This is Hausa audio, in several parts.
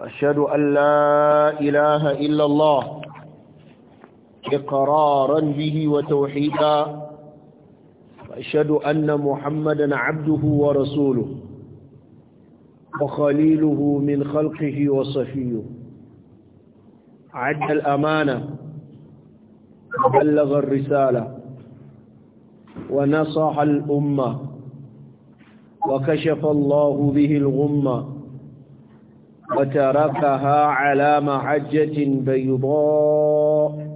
وأشهد أن لا إله إلا الله إقرارا به وتوحيدا وأشهد أن محمدا عبده ورسوله وخليله من خلقه وصفيه عد الأمانة وبلغ الرسالة ونصح الأمة وكشف الله به الغمة وتركها على محجة بيضاء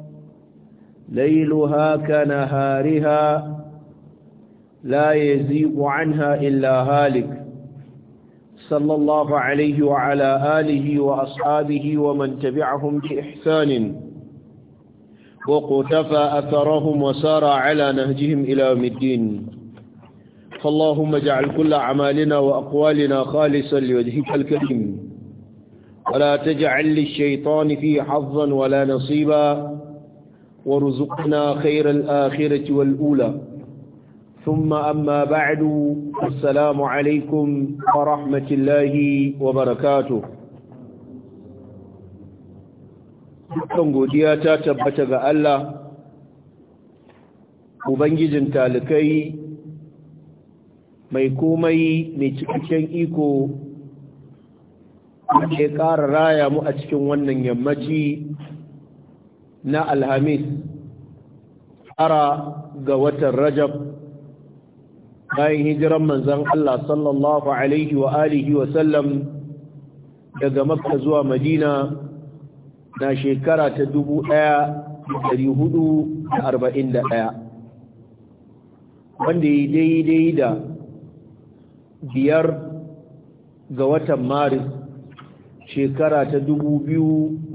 ليلها كنهارها لا يزيغ عنها إلا هالك صلى الله عليه وعلى آله وأصحابه ومن تبعهم بإحسان وقتفى أثرهم وسار على نهجهم إلى الدين فاللهم اجعل كل أعمالنا وأقوالنا خالصا لوجهك الكريم ولا تجعل للشيطان في حظا ولا نصيبا وارزقنا خير الآخرة والأولى ثم أما بعد السلام عليكم ورحمة الله وبركاته dukkan godiya ta tabbata ga Allah ubangijin talikai mai komai mai cikakken iko wanda ya ƙara raya mu a cikin wannan yammaci na alhamis ara ga watan rajab bayan hijiran manzan Allah sallallahu alaihi wa alihi wa sallam daga makka zuwa madina na shekara ta dubu ɗaya da arba'in ɗaya, wanda ya daidai da biyar ga watan maris shekara ta 2020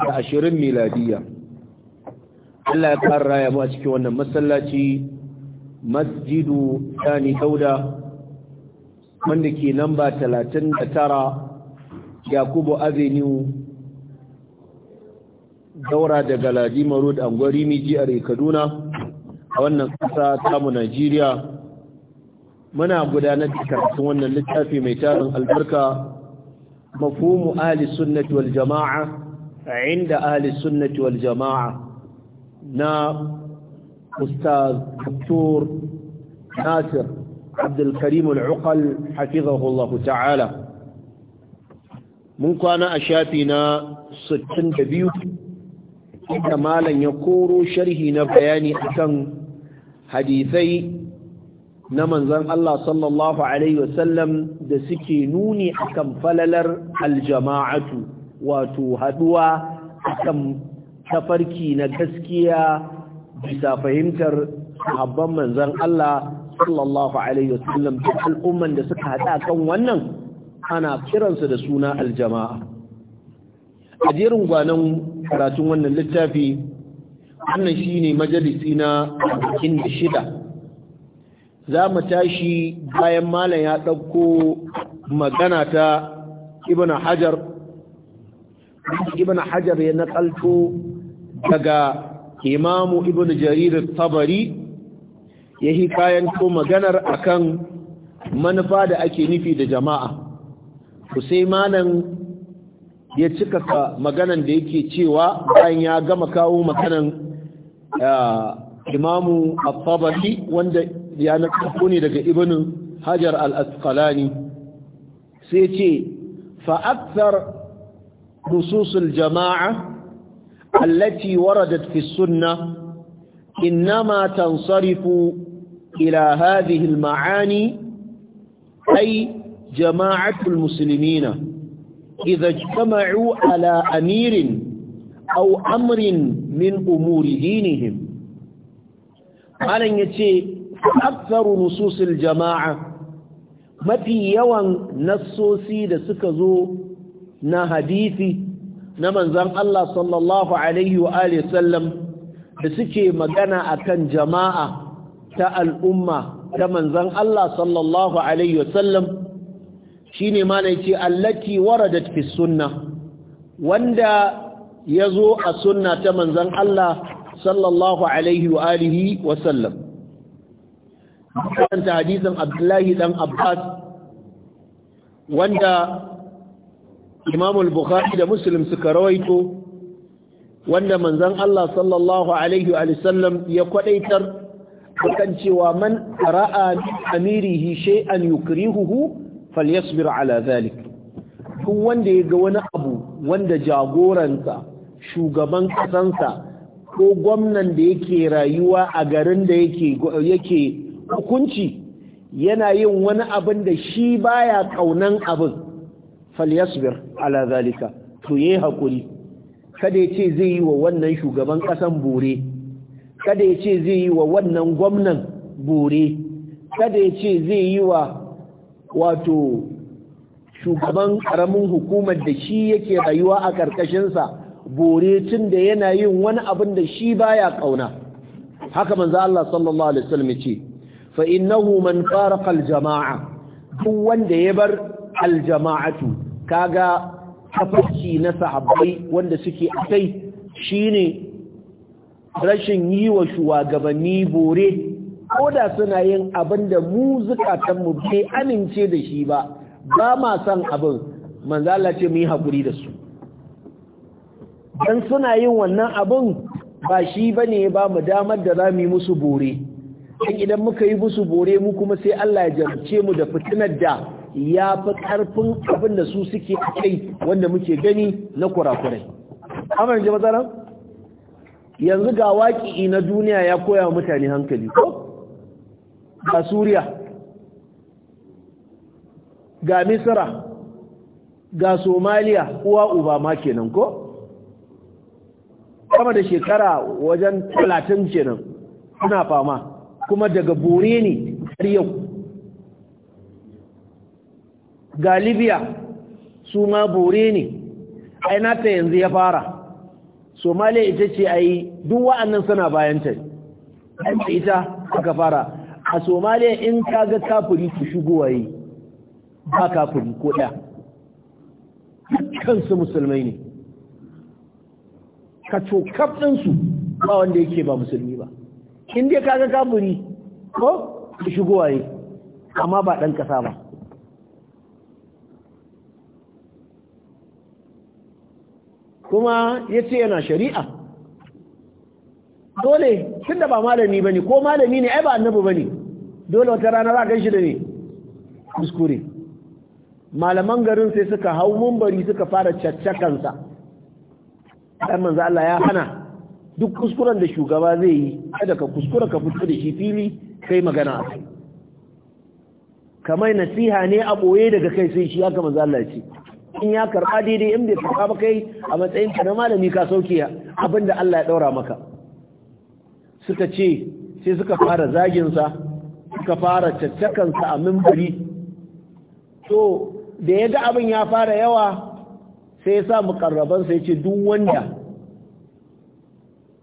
miladiya Allah ya ƙara raya mu a cikin wannan masallaci masjidu Sani Dauda wanda ke namba 39 Yakubu Avenue daura daga Ladima Road Angwari Miji a Kaduna a wannan ƙasa tamu Najeriya muna gudanar da karatun wannan littafi mai tarin albarka مفهوم أهل السنة والجماعة عند أهل السنة والجماعة نا أستاذ دكتور ناصر عبد الكريم العقل حفظه الله تعالى من كان أشافنا ستين دبيو إذا يقول شره شرهنا بياني أكن حديثي na manzon Allah sallallahu alaihi wasallam da suke nuni akan falalar aljama'atu wato haduwa akan tafarki na gaskiya bisa fahimtar abban manzan Allah sallallahu alaihi wasallam da al'umman da suka hada kan wannan ana kiransu da suna aljama'a a jerin gwanon karatun wannan littafi wannan shine majalisi na shida. za mu tashi bayan malam ya ɗauko magana ta ibn hajar ibn hajar ya naƙalto daga imamu ibn jarir tabari ya yi kayan ko maganar akan manufa da ake nufi da jama'a sai malam ya cika maganan da yake cewa bayan ya gama kawo maganan ah, imamu al-tabari wanda ya na ƙarfo daga ibinin hajar al-asqalani sai ce fa’aktar nususul jama’a allati waradat fi sunna innama tansarifu ila hadhihi al-ma’ani ai jama’atul musulmina idha jama’u ala amirin au amrin min umuri dinihim malin ya ce aktharu nususil jama'a mafi yawan nassosi da suka zo na hadisi na manzon Allah sallallahu alaihi wa sallam da suke magana akan jama'a ta al'umma ta manzon Allah sallallahu alaihi wa sallam shine ma ne ce allati waradat fi sunnah wanda a sunna ta manzon Allah sallallahu alaihi wa sallam karanta hadisin abdullahi dan abbas wanda imamul bukhari da muslim suka rawaito wanda manzon Allah sallallahu alaihi wa sallam ya kwadaitar kan cewa man ra'a amirihi shay'an yukrihuhu falyasbir ala zalik duk wanda ya ga wani abu wanda jagoransa shugaban kasansa ko gwamnan da yake rayuwa a garin da yake hukunci yana yin wani abin da shi baya kaunan abin falyasbir ala zalika to yayi hakuri kada ya ce zai yi wa wannan shugaban kasan bore kada ya ce zai yi wa wannan gwamnan bore kada ya ce zai yi wa wato shugaban karamin hukumar da shi yake rayuwa a ƙarƙashinsa bore tun da yana yin wani abin da shi baya kauna haka manzo Allah sallallahu alaihi wasallam ya ce fa innahu man faraqa al-jama'a duk wanda ya bar al-jama'atu kaga tafarki na sahabbai wanda suke akai shine rashin yi wa shugabanni bore ko da suna yin abin da mu bai amince da shi ba ba ma son abin Allah ce mu yi hakuri da su Dan suna yin wannan abin ba shi bane ba mu damar da zamu yi musu bore dan idan muka yi musu bore mu kuma sai Allah ya jarce mu da fitinar da ya fi ƙarfin abin da su suke kai wanda muke gani na kurakurai Amar ji matsalan yanzu ga waƙi na duniya ya koya mutane hankali ko ga suriya ga Misira. ga somaliya uwa uba ma kenan ko Kama da shekara wajen talatin kenan suna fama kuma daga bore ne har yau galibiya libya su ma bore ne ai ta yanzu ya fara Somaliya ita ce ai duk wa'annan suna bayanta ai ita aka fara a Somaliya in ka ga kafuri ku shigowa waye ba kafuri ko ɗaya kansu musulmai ne ka cokaf ɗinsu ba wanda yake ba musulmi ba in dai kaga kafiri ko shigo waye? amma ba ɗan ƙasa ba kuma ya yana shari'a dole tun da ba malami ba ne ko malami ne ai ba annabi bane dole wata rana za ka shi da ne kuskure malaman garin sai suka hau mumbari suka fara caccakansa ɗan manzo Allah ya hana duk kuskuren da shugaba zai yi kada ka kuskura ka fito da shi fili kai magana a kai kamar nasiha ne a boye daga kai sai shi haka manzo Allah ce in ya karba daidai in bai karba ba kai a matsayin ka na malami ka sauke abinda Allah ya daura maka suka ce sai suka fara zagin sa suka fara caccakansa a mimbari to da ya ga abin ya fara yawa sai ya sa mukarraban sai ce duk wanda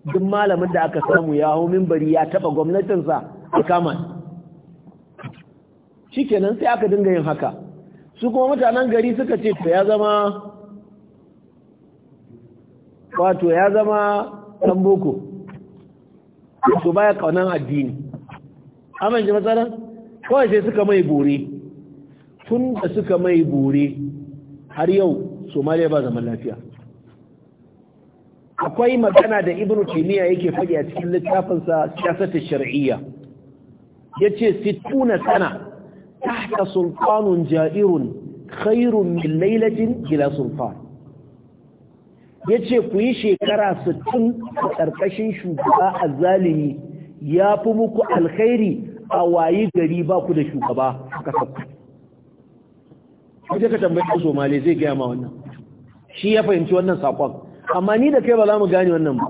duk malamin da aka samu ya hau mimbari ya taba gwamnatinsa a kama shi kenan sai aka dinga yin haka su kuma mutanen gari suka ce to ya zama wato ya zama ɗan boko to baya kaunan addini amin ji matsalar kawai sai suka mai bore tun da suka mai bore har yau somaliya ba zaman lafiya akwai magana da ibn Taymiyyah yake faɗi a cikin littafin sa siyasat shar'iyya yace situna sana tahta sultanun ja'irun khairun min laylatin ila sultan yace ku yi shekara 60 a karkashin shugaba ya fi muku alkhairi a wayi gari ba ku da shugaba kasa kaje ka tambaye Somali zai ga ma wannan shi ya fahimci wannan sakon amma ni da kai ba za mu gane wannan ba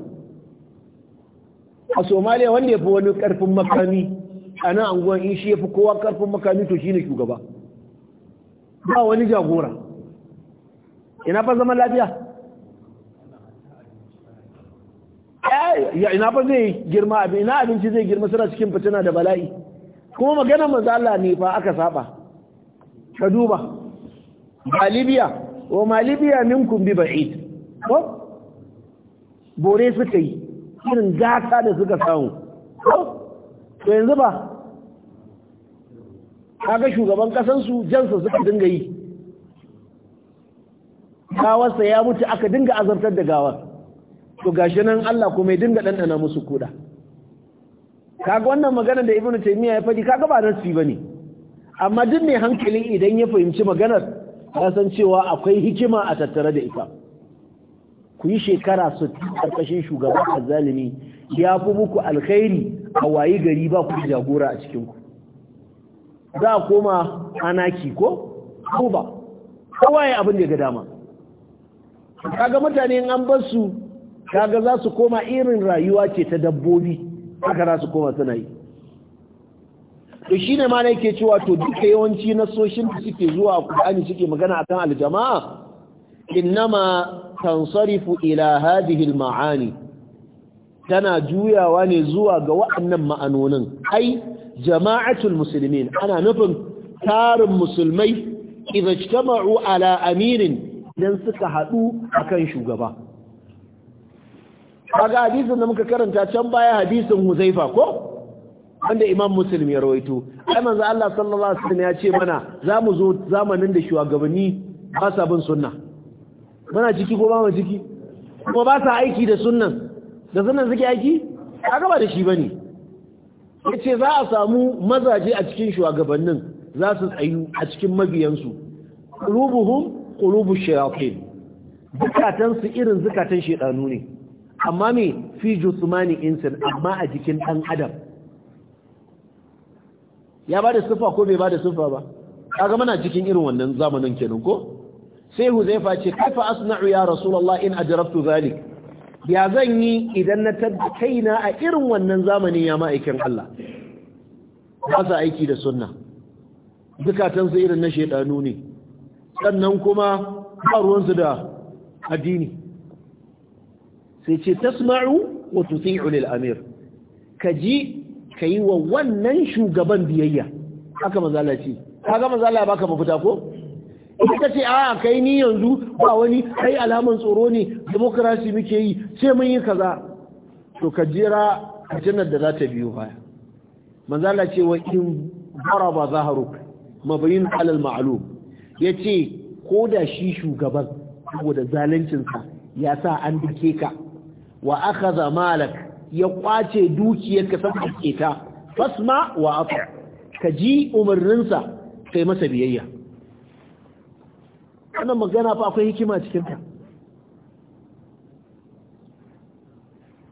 a somaliya wanda ya fi wani karfin makami a nan anguwan in shi ya fi kowa karfin makami to shine shugaba ba wani jagora ina fa zama lafiya ina fa zai girma abin ina abinci zai girma suna cikin fitina da bala'i kuma magana mazala ne fa aka saba ka duba ba Libya wa ma Libya minkum bi ba'id ko bore suka yi irin gata da suka samu to yanzu ba kaga shugaban kasansu jansa suka dinga yi gawarsa ya mutu aka dinga azartar da gawar to gashi nan Allah kuma ya dinga ɗanɗana musu kuɗa kaga wannan magana da ibnu taymiya ya faɗi kaga ba ba bane amma duk mai hankalin idan ya fahimci maganar ya cewa akwai hikima a tattare da ita ku yi shekara su karkashin shugaban al-zalimi ya fi muku alkhairi a wayi gari ba ku jagora a cikinku za a koma anaki ko ko ba kawai abin da ga dama kaga mutane an bar su kaga za su koma irin rayuwa ce ta dabbobi haka za su koma suna yi to shi ne ma na yake cewa to duka yawanci nasoshin da suke zuwa a Qur'ani suke magana akan aljama'a innama Kansarifu ila maani tana juyawa ne zuwa ga waɗannan ma'anonin ai jama'atul muslimin ana nufin tarin musulmai idza ijtama'u ala amirin dan suka hadu akan shugaba kaga hadisin da muka karanta can baya hadisin Huzaifa ko wanda Imam Muslim ya rawaito ai manzo Allah sallallahu alaihi wasallam ya ce mana zamu zo zamanin da shugabanni ba sa bin sunna Mana ciki ko ba mu ciki kuma ba sa aiki da sunnan da sunnan suke aiki a gaba da shi bane yace za a samu mazaje a cikin shugabannin za su tsayu a cikin mabiyansu qulubuhum ƙulubu shayatin zukatan su irin zukatan shedanu ne amma me fi jusmani insan amma a jikin dan adam ya ba da sufa ko bai ba da sufa ba kaga muna cikin irin wannan zamanin kenan ko sai huzaifa ce kaifa asna'u ya rasulullah in ajrabtu zalik ya zanyi idan na tabbi kaina a irin wannan zamani ya ma'aikin Allah ba sa aiki da sunna zukatan su irin na shedanu ne sannan kuma ba ruwansu da addini sai ce tasma'u wa tuti'u lil amir ka ji ka wa wannan shugaban biyayya haka mazala ce haka mazala baka mafita ko ka ce a kai ni yanzu ba wani kai alaman tsoro ne demokrasi muke yi Ce mun yi kaza to ka jira aljannar da za ta biyo baya manzala ce wa in baraba zaharuk mabayin alal Ya ce ko da shi shugaban saboda zaluncinsa ya sa an dake ka wa za malak ya kwace dukiyarka san ake ta fasma wa aka." ka ji umarninsa kai masa biyayya wannan magana fa akwai hikima cikin ta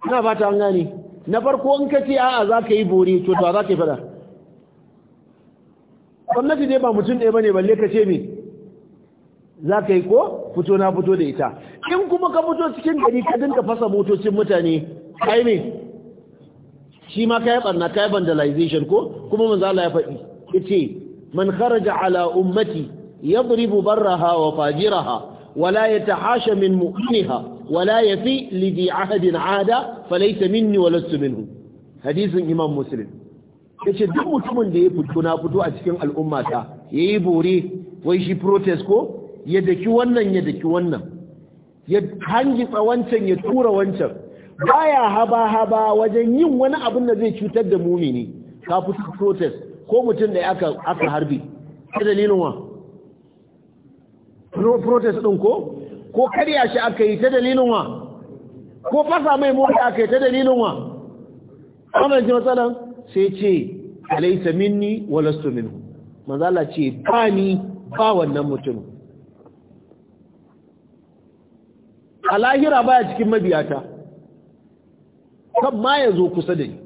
ina ba ta gane na farko in ka ce a'a za ka yi bore to to za ka yi fada gwamnati dai ba mutum ɗaya bane balle ka ce me za ka yi ko fito na fito da ita in kuma ka fito cikin gari ka dinka fasa motocin mutane kai ne shi ma kai barna kai vandalization ko kuma za Allah ya faɗi yace man kharaja ala ummati yadribu barraha wa fajiraha wala yatahasha min mu'minha wala yafi li bi ahadin ada falaysa minni wa lastu minhu hadisin imam muslim yace duk mutumin da ya fito na fito a cikin al'umma ta yayi bore wai shi protest ko ya daki wannan ya daki wannan ya hangi wancan ya tura wancan baya haba haba wajen yin wani abin da zai cutar da mumini ka fito protest ko mutum da aka aka harbi dalilin wa protest ɗin ko ko karya shi aka yi ta dalilin wa ko fasa mai mota aka yi ta dalilin wa wannan ji matsalan sai ce alaisa minni walastu minhu manzala ce ba ni ba wannan mutum a lahira baya cikin mabiyata kan ma ya zo kusa da ni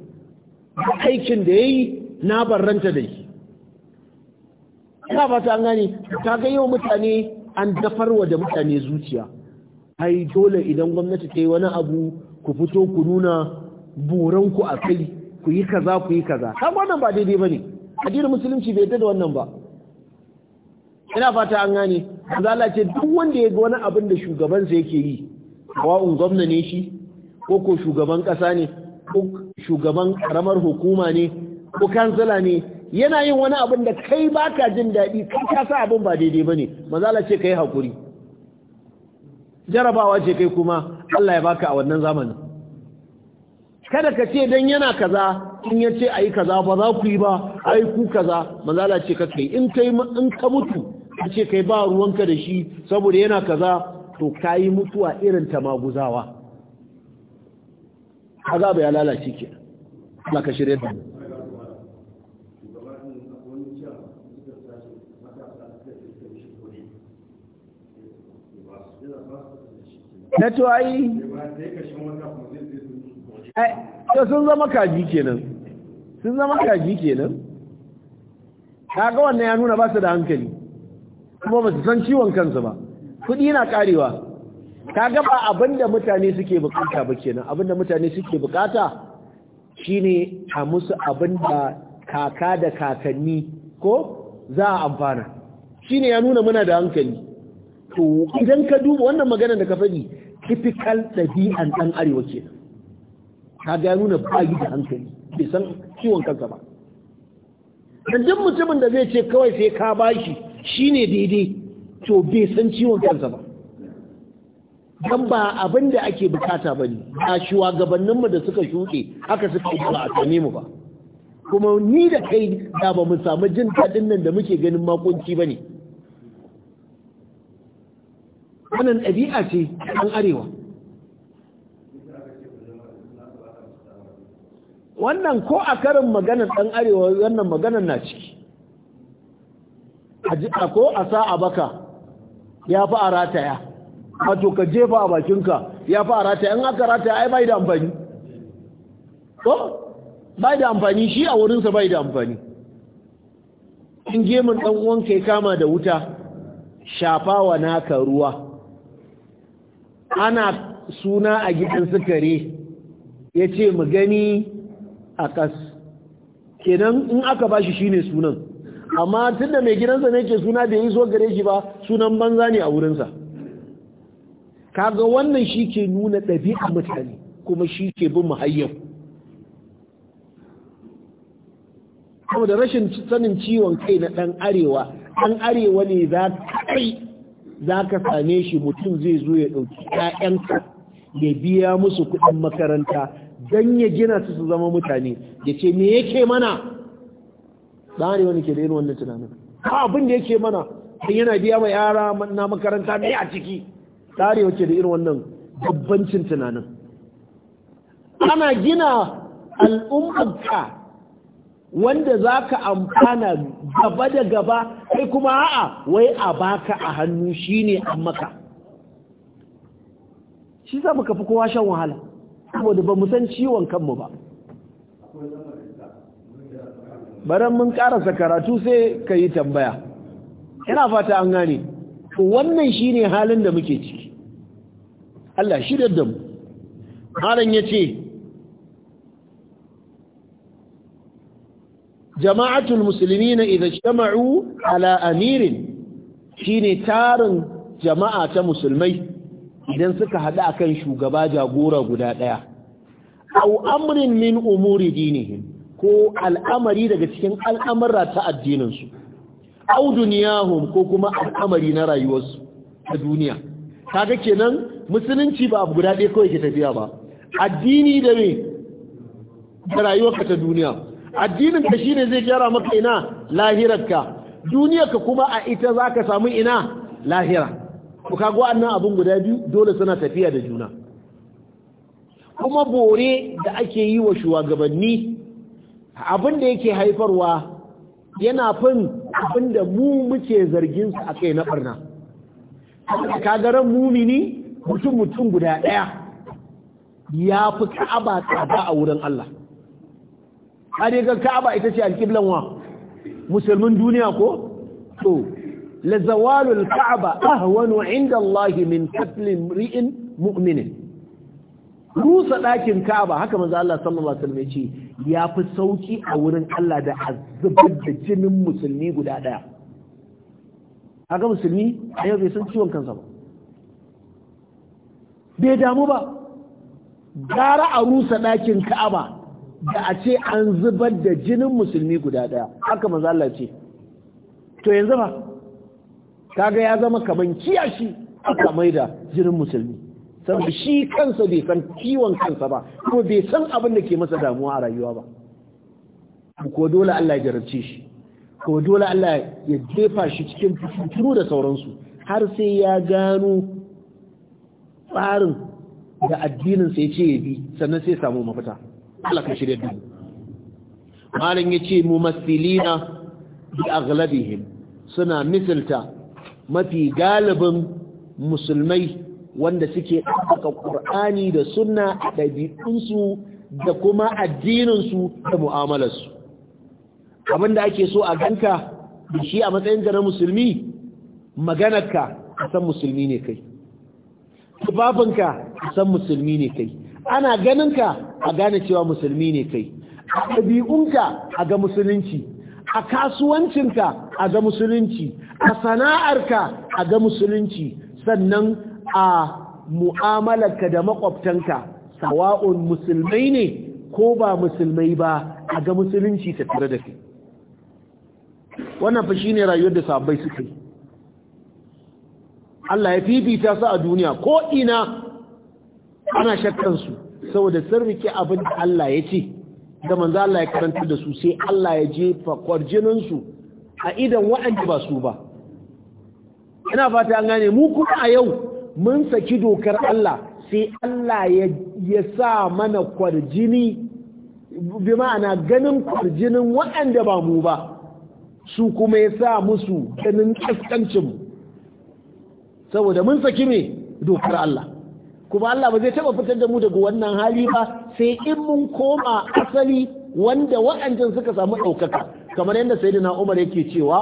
aikin da ya yi na barranta da shi ta fata gani ta ga yau mutane an dafarwa da mutane zuciya ai dole idan gwamnati ta yi wani abu ku fito ku nuna buranku a kai ku yi kaza ku yi kaza kan wannan ba daidai ba ne addinin musulunci bai da wannan ba ina fata an gane azala ce duk wanda ya ga wani abin da shugabansa yake yi kawa'un gwamna ne shi ko ko shugaban ƙasa ne ko shugaban karamar hukuma ne ko kansila ne yana yin wani abin da kai baka jin daɗi kai ka sa abin ba daidai ba ne mazala ce ka yi hakuri jarabawa ce kai kuma Allah ya baka a wannan zamanin kada ka ce don yana kaza in ya ce a yi kaza ba za ku yi ba a yi ku kaza mazala ce ka kai in kai in ka mutu ka ce kai ba ruwanka da shi saboda yana kaza to ka yi mutuwa irin ta maguzawa azaba lalace ke Allah ka shirya da mu na to ai to sun zama kaji kenan sun zama kaji kenan kaga wannan ya nuna ba su da hankali kuma ba su san ciwon kansu ba kudi na karewa kaga ba abinda mutane suke bukata ba kenan abinda mutane suke bukata shine a musu abinda kaka da kakanni ko za a amfana shine ya nuna muna da hankali to idan ka duba wannan magana da ka faɗi typical ɗabi'an ɗan arewa kenan ka ga nuna bayi da hankali bai san ciwon kansa ba dan mutumin da zai ce kawai sai ka bashi shine daidai to bai san ciwon kansa ba dan ba abin da ake bukata ba ne a shugabanninmu da suka shuɗe haka suka yi ba a same mu ba kuma ni da kai da ba mu samu jin daɗin nan da muke ganin makunci ba ne wannan ɗabi'a ce an arewa wannan ko a karin maganar ɗan arewa wannan maganar na ciki a ko a sa a baka ya fi a rataya wato ka jefa a bakinka ya fi a rataya in aka rataya ai bai da amfani ko bai da amfani shi a wurinsa bai da amfani in gemun ɗan uwanka ya kama da wuta shafawa naka ruwa ana suna a gidan sukare ya ce mu gani a kas kenan in aka bashi shine sunan amma tunda mai gidansa ne ke suna da yi so gare shi ba sunan banza ne a wurinsa kaga wannan shi ke nuna ɗabi'a mutane kuma shi ke bin muhayyar kuma da rashin sanin ciwon kai na ɗan arewa ɗan arewa ne za kai za ka same shi mutum zai zo ya ɗauki ƴaƴanka ya biya musu kuɗin makaranta don ya gina su su zama mutane ya ce me yake mana ɗari wani ke da irin wannan tunanin ha abin da yake mana don yana biya mai yara na makaranta me a ciki ɗari wake da irin wannan dabbancin tunanin ana gina al'ummarka wanda za ka amfana gaba da gaba kai kuma a'a wai a baka a hannu shine an maka shi za mu kafi kowa shan wahala saboda ba mu san ciwon kanmu ba baran mun karasa karatu sai ka yi tambaya Yana fata an gane wannan shine halin da muke ciki Allah shi da mu ya ce. jama'atul musulmi na idashtama'u ala amirin shine tarin jama'a ta musulmai idan suka haɗu akan shugaba jagora guda ɗaya au amrin min umuri dinihim ko al'amari daga cikin al'amura ta addininsu au duniyahum ko kuma al'amari na rayuwarsu ta duniya kaga kenan musulunci ba abu guda ɗaya kawai ke tafiya ba addini da me da rayuwarka ta duniya addinin ka shine zai gyara maka ina lahirarka duniyarka kuma a ita za ka samu ina lahira ku kago annan abin guda biyu dole suna tafiya da juna kuma bore da ake yi wa shugabanni abin da yake haifarwa yana fin abin da mu muke zargin su akai na barna kagaran mumini mutum mutum guda daya ya fi ka'aba tsada a wurin Allah har ga ka'aba ita ce alƙiblan wa musulmin duniya ko to la zawalul ka'aba ahwanu inda Allah min qatlin ri'in mu'minin rusa ɗakin ka'aba haka manzo Allah sallallahu alaihi wasallam ya ce ya fi sauki a wurin Allah da azubar da jinin musulmi guda ɗaya Haka musulmi a yau bai san ciwon kansa ba bai damu ba gara a rusa ɗakin ka'aba da a ce an zubar da jinin musulmi guda daya haka Maza Allah ce to yanzu ba kaga ya zama kaman kiyashi aka maida jinin musulmi saboda shi kansa bai san kiwon kansa ba kuma bai san abin da ke masa damuwa a rayuwa ba ko dole Allah ya jarabce shi ko dole Allah ya jefa shi cikin fitinu da sauransu har sai ya gano tsarin da addinin sai ce ya bi sannan sai samu mafita Allah ka shirya duk malam yace mumassilina bi aghlabihim suna misalta mafi galibin musulmai wanda suke ɗaukaka ƙur'ani da suna a ɗabi'unsu da kuma addininsu da mu'amalarsu abin da ake so a ganka da shi a matsayinka na musulmi maganarka a san musulmi ne kai tufafinka a san musulmi ne kai ana ganin ka a gane cewa musulmi ne kai a ɗabi'unka a ga musulunci a kasuwancinka a ga musulunci a sana'arka a ga musulunci sannan a mu'amalarka da makwabtanka sawa'un musulmai ne ko ba musulmai ba a ga musulunci tare da kai wannan fashi ne rayuwar da sahabbai suke Allah ya fifita su a duniya ko ina ana shakkan su saboda sun rike abin da Allah ya ce da manzo Allah ya karanta da su sai Allah ya jefa kwarjinin su a idan waɗanda ba su ba ina fata an gane mu kuma a yau mun saki dokar Allah sai Allah ya sa mana kwarjini bi ma'ana ganin kwarjinin waɗanda ba mu ba su kuma ya sa musu ganin kaskancin saboda mun saki me dokar Allah kuma Allah ba zai taɓa fitar da mu daga wannan hali ba sai in mun koma asali wanda waɗancan suka samu ɗaukaka kamar yadda sayyidina Umar yake cewa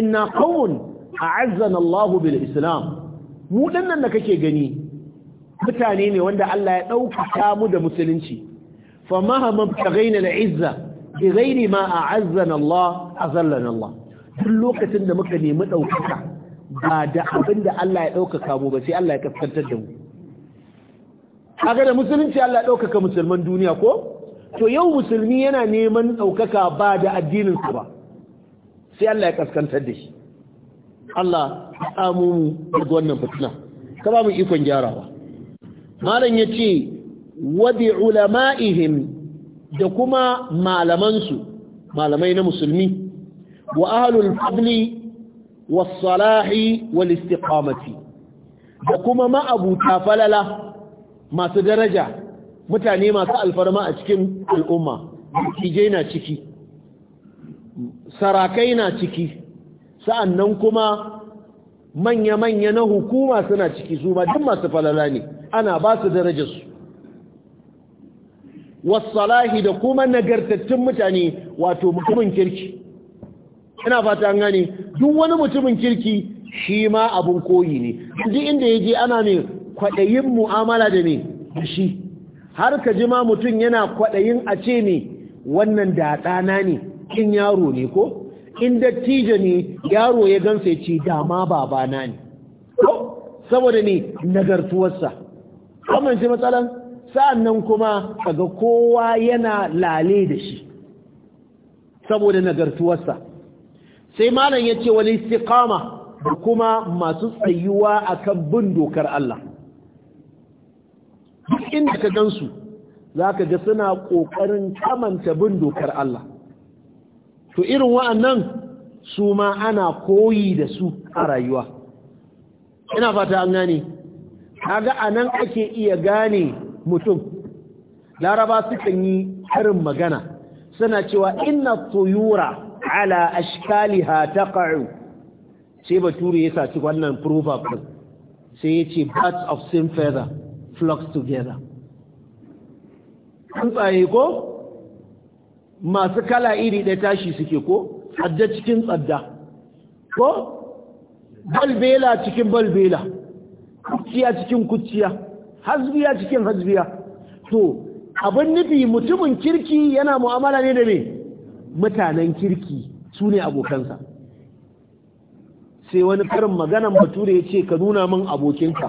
inna qawmun a'azzana Allahu bil Islam mu dinnan da kake gani mutane ne wanda Allah ya ɗaukaka mu da musulunci fa mahama tagaina al-izza bi ghairi ma a'azzana Allah azallana Allah duk lokacin da muka nemi ɗaukaka ba da abinda Allah ya ɗaukaka mu ba sai Allah ya kaskantar da mu ga da musulunci Allah ɗaukaka musulman duniya ko to yau musulmi yana neman ɗaukaka ba da addinin su ba sai Allah ya kaskantar da shi Allah amu daga wannan fitina ka ba mu ikon gyarawa malam yace wa bi ulama'ihim da kuma malaman malamai na musulmi wa ahlul fadli wa salahi wal istiqamati da kuma ma'abuta falala masu daraja mutane masu alfarma a cikin al'umma kije na ciki sarakai na ciki sa'annan kuma manya-manya na hukuma suna ciki su ba. duk masu falala ne ana ba su darajarsu wasalahi da kuma nagartattun mutane wato mutumin kirki ina fata an gane duk wani mutumin kirki shi ma abin koyi ne duk inda ya je ana mai kwaɗayin mu'amala da me da shi har ka jima mutum yana kwaɗayin a ce ne wannan da ɗana ne in yaro ne ko in dattijo ne yaro ya gansa ya ce dama babana ne ko saboda ne nagartuwarsa ce matsalan sa'annan kuma kaga kowa yana lale da shi saboda nagartuwarsa sai malam ya ce wani istiqama da kuma masu tsayuwa akan bin dokar Allah duk inda ka gansu za ka ga suna ƙoƙarin kamanta bin dokar Allah to irin wa'annan su ma ana koyi da su a rayuwa ina fata an gane kaga anan ake iya gane mutum laraba sukan yi karin magana suna cewa inna tuyura ala ashkaliha taqa'u sai bature ya saci wannan proverb sai ya ce birds of same feather flocks together tsuntsaye ko masu kala iri ɗaya tashi suke ko tsadda cikin tsadda ko balbela cikin balbela kuciya cikin kuciya hasbiya cikin hasbiya to abin nufi mutumin kirki yana mu'amala ne da ne mutanen kirki su ne abokansa sai wani karin maganan bature ya ce ka nuna min abokinka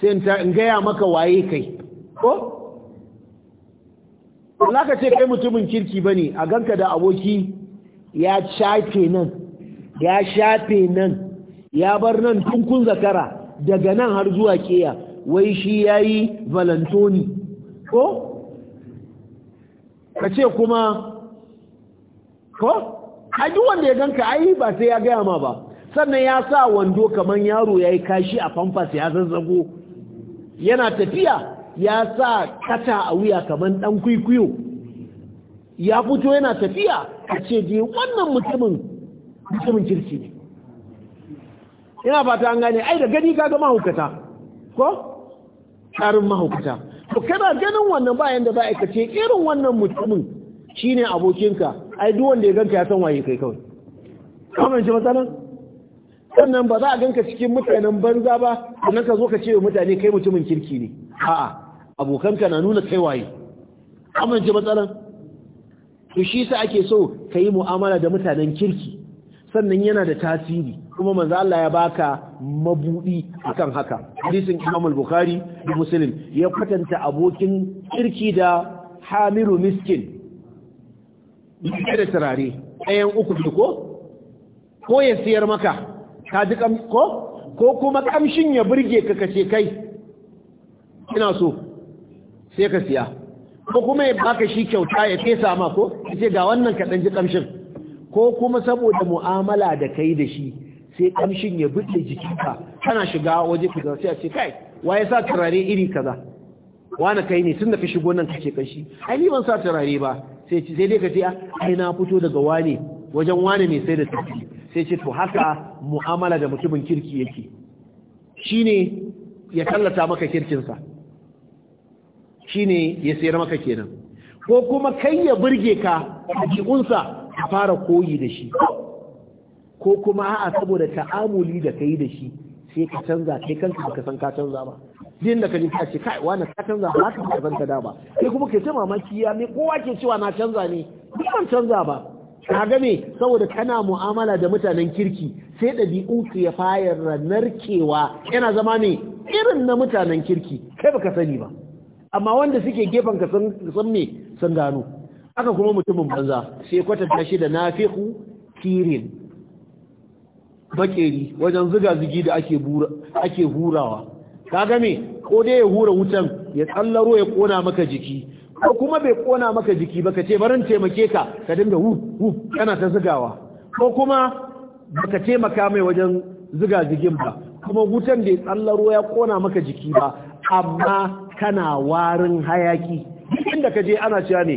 sai in gaya maka waye kai ko za ka ce kai mutumin kirki ba ne a ganka da aboki ya shafe nan ya shafe nan ya bar nan tunkun zakara daga nan har zuwa keya wai shi ya yi valentoni ko? ka ce kuma ko? duk wanda ya ganka ai ba sai ya gaya ma ba sannan ya sa wando kamar yaro ya yi kashi a famfas ya zazzago yana tafiya ya sa kata a wuya kamar ɗan kwikwiyo ya fito yana tafiya a ce je wannan mutumin mutumin kirki ne yana fata an gane ai da gani kaga mahaukata ko tsarin mahaukata to kada ganin wannan bayan da ba ce irin wannan mutumin shine abokinka ai duk wanda ya ganka ya san waye kai kawai kamar shi matsalan sannan ba za a ganka cikin mutanen banza ba sannan ka zo ka ce wa mutane kai mutumin kirki ne a'a abokanka na nuna kai waye amince matsalan to shi sa ake so ka yi mu'amala da mutanen kirki sannan yana da tasiri kuma manzo Allah ya baka mabudi akan haka hadisin Imam al-Bukhari da Muslim ya kwatanta abokin kirki da hamiru miskin da turare ɗayan uku ko ko ya siyar maka ka ji ko ko kuma kamshin ya burge ka kace kai ina so sai ka siya ko kuma ya baka shi kyauta ya fesa ma ko sai ga wannan ka dan ji kamshin ko kuma saboda mu'amala da kai da shi sai kamshin ya buɗe jikinka kana shiga waje kaza sai a ce kai wa ya sa turare iri kaza wani kai ne tun da ka shigo nan kace shi ai ni ban sa turare ba sai sai dai ka ce ah, ai na fito daga wani wajen wani ne sai da tafi sai ce to haka mu'amala da mutumin kirki yake shine ya tallata maka kirkinsa shine ya sayar maka kenan ko kuma kai ya burge ka a jikunsa a fara koyi da shi ko kuma a saboda ta'amuli da kai da shi sai ka canza kai kanka baka san ka canza ba din da kaji ka ce kai wani ka canza ba ka san ka da ba sai kuma ke ta mamaki ya ne kowa ke cewa na canza ne ni ban canza ba kaga me saboda kana mu'amala da mutanen kirki sai ɗabi'unsu ya fara narkewa yana zama ne irin na mutanen kirki kai baka sani ba amma wanda suke gefen ka san me sun gano aka kuma mutumin banza sai ta shi da nafihu kirin bakeri wajen ziga zigi da ake ake hurawa kaga me ko dai ya hura wutan ya tsallaro ya kona maka jiki ko kuma bai kona maka jiki ba ka ce barin taimake ka ka dinga wuf wuf kana ta zigawa ko kuma baka taimaka mai wajen ziga jigin ba kuma wutan da tsallaro ya kona maka jiki ba amma kana warin hayaki inda ka je ana cewa ne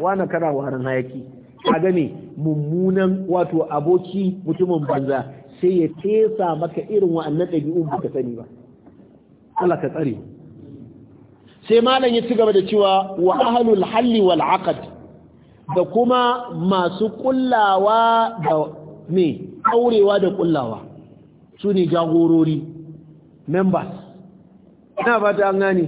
wana kana warin hayaki ka gane mummunan wato aboki mutumin banza sai ya tesa maka irin wa'annan ɗabi'un baka sani ba Allah ka tsare sai malam ya ci gaba da cewa wa ahlul halli wal aqd da kuma masu kullawa da me aurewa da kullawa su ne jagorori members ina ba ta gane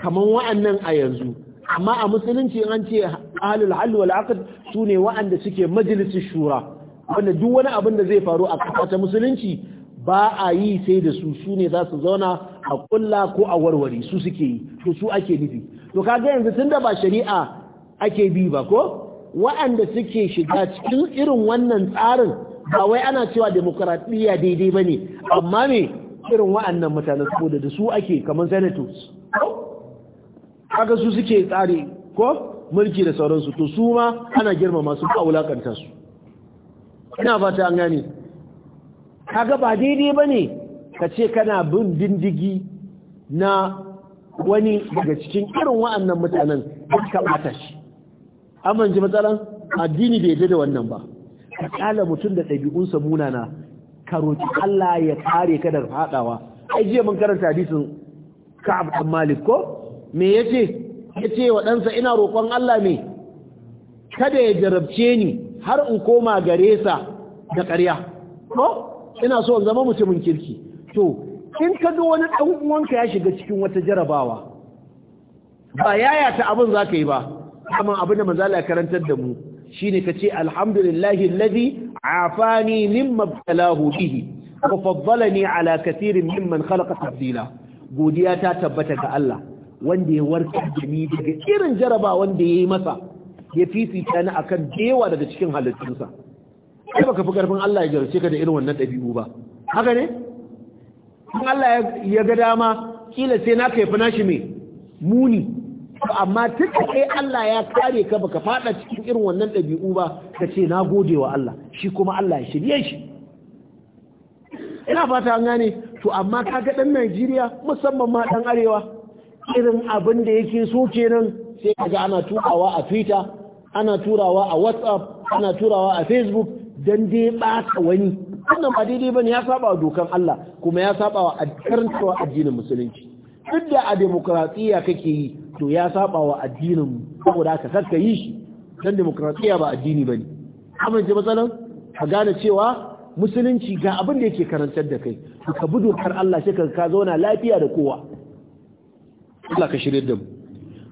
kaman wa'annan a yanzu amma a musulunci an ce ahlul halli wal aqd su ne wa'anda suke majalisin shura wanda duk wani abin da zai faru a kafa musulunci ba a yi sai da su su ne za su zauna a kulla ko a warware su suke yi to su ake nufi to kaga yanzu tunda ba shari'a ake bi ba ko wa'anda suke shiga cikin irin wannan tsarin ba wai ana cewa demokradiyya daidai ba ne amma me irin wa'annan mutane saboda da su ake kamar senators kaga su suke tsari ko mulki da sauransu to su ma ana girmama su ba wulakanta su ina fata an gane kaga ba daidai ba ne ka ce kana bin dindigi na wani daga cikin irin wa'annan mutanen da bata shi amman ji matsalan addini bai da wannan ba ka kala mutum da ɗabi'unsa munana ka roki Allah ya kare ka da faɗawa ai jiya mun karanta hadisin Ka'ab dan Malik ko me yace yace wa ɗansa ina roƙon Allah me kada ya jarabce ni har in koma gare sa da ƙarya ko ina so zama mutumin kirki to in ka wani dan uwanka ya shiga cikin wata jarabawa ba yaya ta abin za ka yi ba amma abin da manzo Allah ya karantar da mu shine kace alhamdulillahi alladhi afani mimma btalahu bihi wa faddalani ala kathirin mimman khalaqa tabdila godiya ta tabbata ga Allah wanda ya warkar da ni daga irin jaraba wanda yayi masa ya fifita ni akan dewa daga cikin halittunsa kai baka fi karfin Allah ya jarce ka da irin wannan ɗabi'u ba haka ne in Allah ya ga dama kila sai na kai fina shi mai muni amma tun kai Allah ya kare ka baka fada cikin irin wannan ɗabi'u ba ka ce na gode wa Allah shi kuma Allah ya shirye shi ina fata an gane to amma ga dan Najeriya musamman ma dan arewa irin abin da yake so kenan sai kaga ana tukawa a Twitter ana turawa a WhatsApp ana turawa a Facebook dan dai ɓata wani wannan ba daidai ba ne ya saba wa dokan Allah kuma ya saba wa karantawa addinin musulunci duk da a demokratiya kake yi to ya saba wa addinin saboda haka sarka yi shi Don demokratiya ba addini bane amma ji matsalan ka gane cewa musulunci ga abin da yake karantar da kai ka bi dokar Allah sai ka zauna lafiya da kowa Allah ka shirye da mu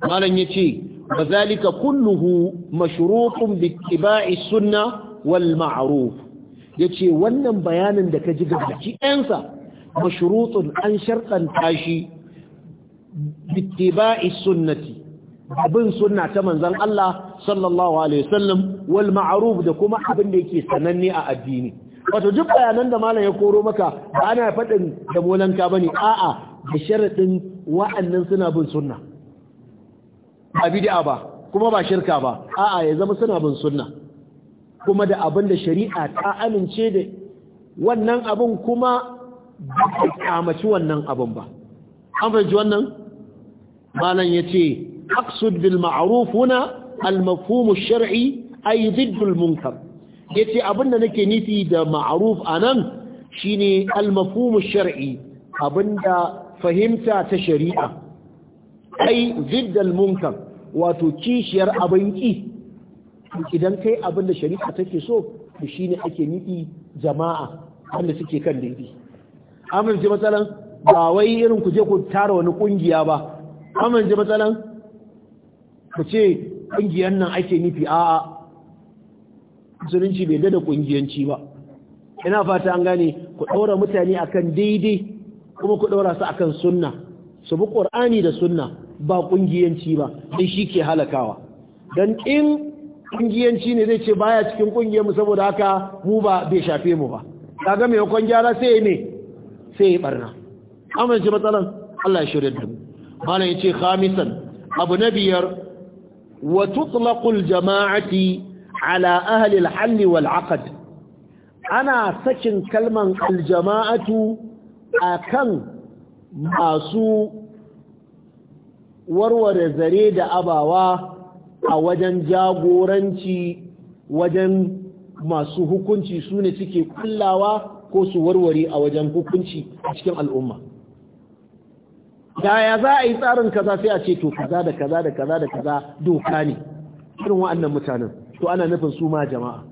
malam yace bazalika kulluhu mashruqun bi ittiba'i sunnah wal ya yace wannan bayanin da ka ji gabaki ɗansa mashrutun an shartan tashi bittiba'i sunnati abin sunna ta manzon Allah sallallahu alaihi wasallam wal ma'ruf da kuma abin da yake sananne a addini wato duk bayanan da malam ya koro maka ba ana faɗin da molanka bane a'a da sharadin wa'annan suna bin sunna ba bid'a ba kuma ba shirka ba a'a ya zama suna bin sunna kuma da abin da shari'a ta amince da wannan abin kuma ba kamaci wannan abin ba an fahimci wannan malam yace aqsud bil ma'ruf al mafhum al shar'i ay didd al munkar yace abin da nake nufi da ma'ruf anan shine al mafhum al shar'i abinda fahimta ta shari'a ai ziddul munkar wato kishiyar abin idan kai abin da shari'a take so to shine ake nidi jama'a wanda suke kan daidai amin ji matsalan ba wai irin ku je ku tara wani kungiya ba amin ji matsalan ku ce nan ake nufi a'a musulunci bai dada kungiyanci ba ina fata an gane ku ɗaura mutane akan daidai kuma ku ɗaura su akan sunna su bi ƙur'ani da sunna ba ƙungiyanci ba dai shi ke halakawa dan in kungiyanci ne zai ce baya cikin kungiyar mu saboda haka mu ba bai shafe mu ba kaga mai kon gyara sai ne sai ya barna amma ce matsalan Allah ya shirya da mu yace khamisan abu na biyar wa tutlaqu jama'ati ala ahli al hal wal aqd ana sakin kalman al jama'atu akan masu warware zare da abawa a wajen jagoranci wajen masu hukunci su ne suke kullawa ko su warware a wajen hukunci a cikin al'umma yaya za a yi tsarin kaza sai a ce to kaza da kaza da kaza da kaza doka ne irin wa'annan mutanen to ana nufin su ma jama'a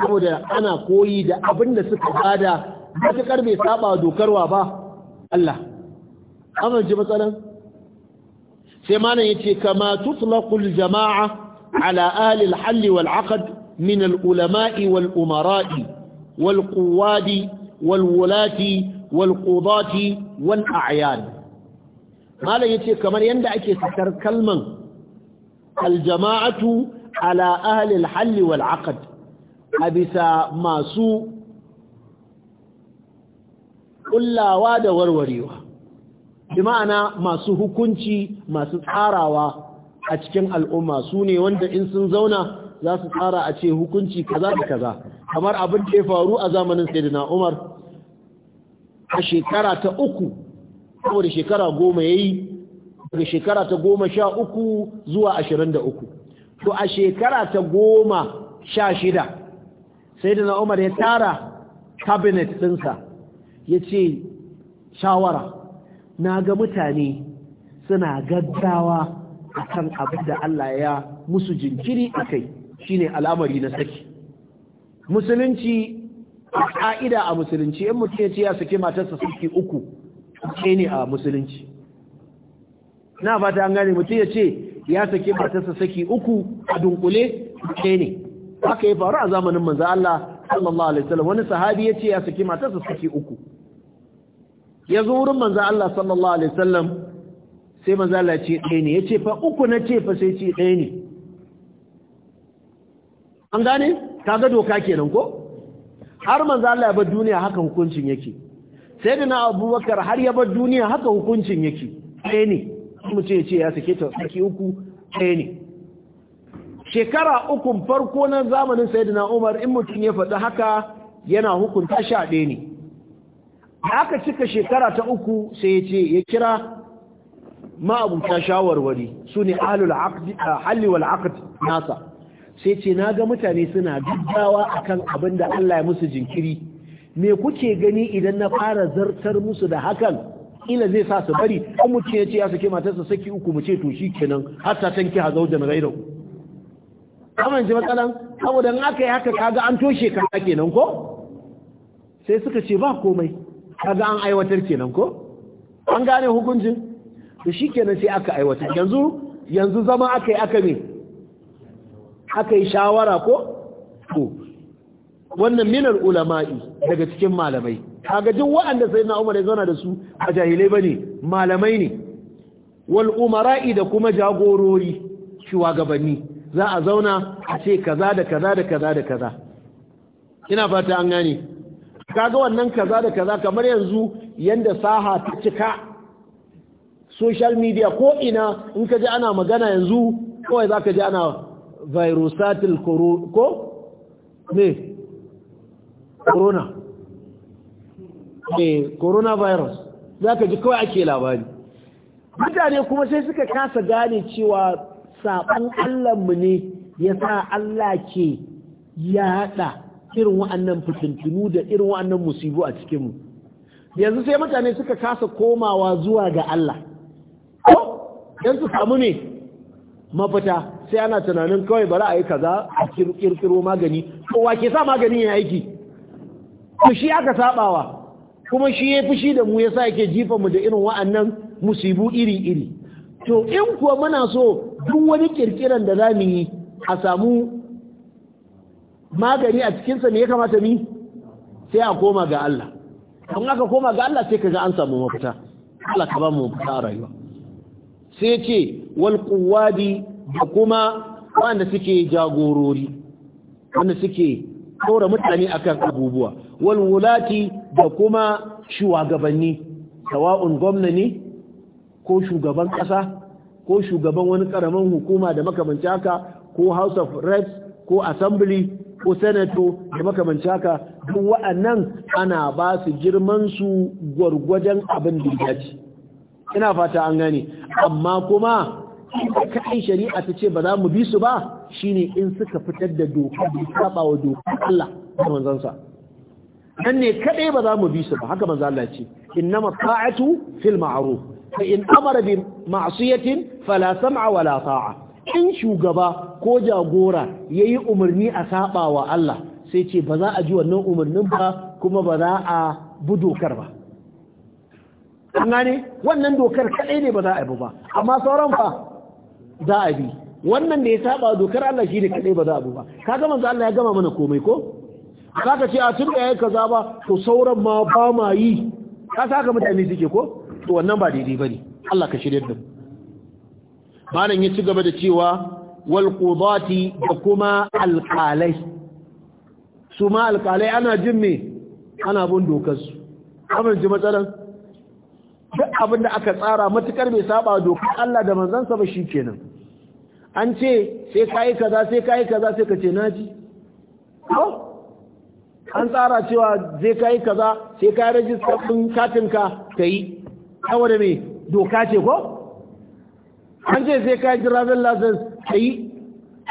saboda ana koyi da abin da suka bada matuƙar bai saba dokarwa ba Allah amince matsalan sai malam ce kama tutlaƙul jama'a ala ahli halli wal 'aqd min al-ulama'i wal umara'i wal quwadi wal wulati wal qudati wal a'yan malam yace kamar yadda ake sakar kalman al-jama'atu ala ahli halli wal wal a abisa masu kullawa da warwarewa bi ma'ana masu hukunci masu tsarawa a cikin al'umma su ne wanda in sun zauna za su tsara a ce hukunci kaza da kaza kamar abin da ya faru a zamanin sayyidina Umar a shekara ta uku saboda shekara goma yayi daga shekara ta goma sha uku zuwa ashirin da uku to a shekara ta goma sha shida sayyidina Umar ya tara cabinet ɗinsa ya ce shawara na ga mutane suna gaggawa akan abin da Allah ya musu jinkiri a kai shine al'amari na saki musulunci a ƙa'ida a musulunci in mutum ya ce ya saki matarsa saki uku ce ne a musulunci na fata an gane mutum ya ce ya saki matarsa saki uku a dunkule ce ne haka ya faru a zamanin manzo Allah sallallahu alaihi wasallam wani sahabi ya ce ya saki matarsa saki uku ya zo wurin manzo Allah sallallahu alaihi wasallam sai manzo Allah ce dai ne yace fa uku na ce fa sai ce dai ne an gane kaga doka kenan ko har manzo Allah ya bar duniya haka hukuncin yake na Abubakar har ya bar duniya haka hukuncin yake dai ne mu ce ce ya sake ta saki uku dai ne shekara ukun farko na zamanin sayyidina Umar in mutum ya faɗi haka yana hukunta sha ɗaya ne da aka cika shekara ta uku sai ya ce ya kira ma'abuta shawarwari su ne halli wal aqd nasa sai ce na ga mutane suna gaggawa akan abin da Allah ya musu jinkiri me kuke gani idan na fara zartar musu da hakan ila zai sa su bari an mutum ya ce ya sake matarsa saki uku mu ce to shi kenan har ta tanki ha zaujan gairau kamar ji matsalan saboda in aka yi haka kaga an toshe ka kenan ko sai suka ce ba komai kaga an aiwatar kenan ko an gane hukuncin to shikenan sai aka aiwatar yanzu yanzu zama aka yi aka ne aka yi shawara ko to wannan minar ulama'i daga cikin malamai kaga duk waɗanda sai na umar ya zauna da su a jahilai bane malamai ne wal umara'i da kuma jagorori shugabanni za a zauna a ce kaza da kaza da kaza da kaza ina fata an gane kaga wannan kaza da kaza kamar yanzu yanda saha ta cika social media ko ina in ka ana magana yanzu kawai za ka ji ana virusatil ko ne corona ne coronavirus za ka ji kawai ake labari mutane kuma sai suka kasa gane cewa Allah mu ne yasa allah ke yada irin wa'annan fitintunu da irin wa'annan musibu a cikinmu yanzu sai mutane suka kasa komawa zuwa ga Allah don su samu ne mafita sai ana tunanin kawai bari a yi kaza a kirkiro magani kowa ke sa magani ya aiki ku shi aka sabawa kuma shi ya fushi da mu yasa yake jifa mu da irin wa'annan musibu iri-iri to in kuwa muna so duk wani kirkiran da za mu yi a samu magani a cikinsa ne ya kamata mi sai a koma ga Allah don aka koma ga Allah sai kaga an samu mafita Allah ka ba mu mafita a rayuwa sai ce wal quwadi da kuma wanda suke jagorori wanda suke kora mutane akan abubuwa wal wulati da kuma shugabanni sawa'un gwamna ko shugaban kasa ko shugaban wani karamin hukuma da makamancin haka ko house of reps ko assembly ko da makamanci haka duk wa'annan ana ba su girman su gwargwajen abin da ya ci ina fata an gane amma kuma kai shari'a ta ce ba za mu bi su ba shine in suka fitar da doka da saba wa dokar Allah da sa nan ne kadai ba za mu bi su ba haka manzo Allah ce innama ta'atu fil ma'ruf fa in amara bi ma'siyatin fala sam'a wala ta'a in shugaba ko jagora ya yi umarni a saba wa Allah sai ce ba za a ji wannan umarnin ba kuma ba za a bi dokar ba an gane wannan dokar kaɗai ne ba za a bi ba amma sauran fa za a bi wannan da ya saba dokar Allah shi ne kaɗai ba za a bi ba ka gama za Allah ya gama mana komai ko za ka ce a tun da ya kaza ba to sauran ma ba ma yi ka saka mutane suke ko to wannan ba daidai ba ne Allah ka shirya da mu malam ya ci gaba da cewa wal qudati da kuma qalai su ma qalai ana jin me ana bin dokar su kamar ji matsalan duk abin da aka tsara matukar bai saba dokar Allah da sa ba shikenan an ce sai kai kaza sai kai kaza sai ka ce naji ko an tsara cewa zai kai kaza sai ka rajista ɗin katinka ka yi saboda mai doka ce ko an ce sai ka yi license ka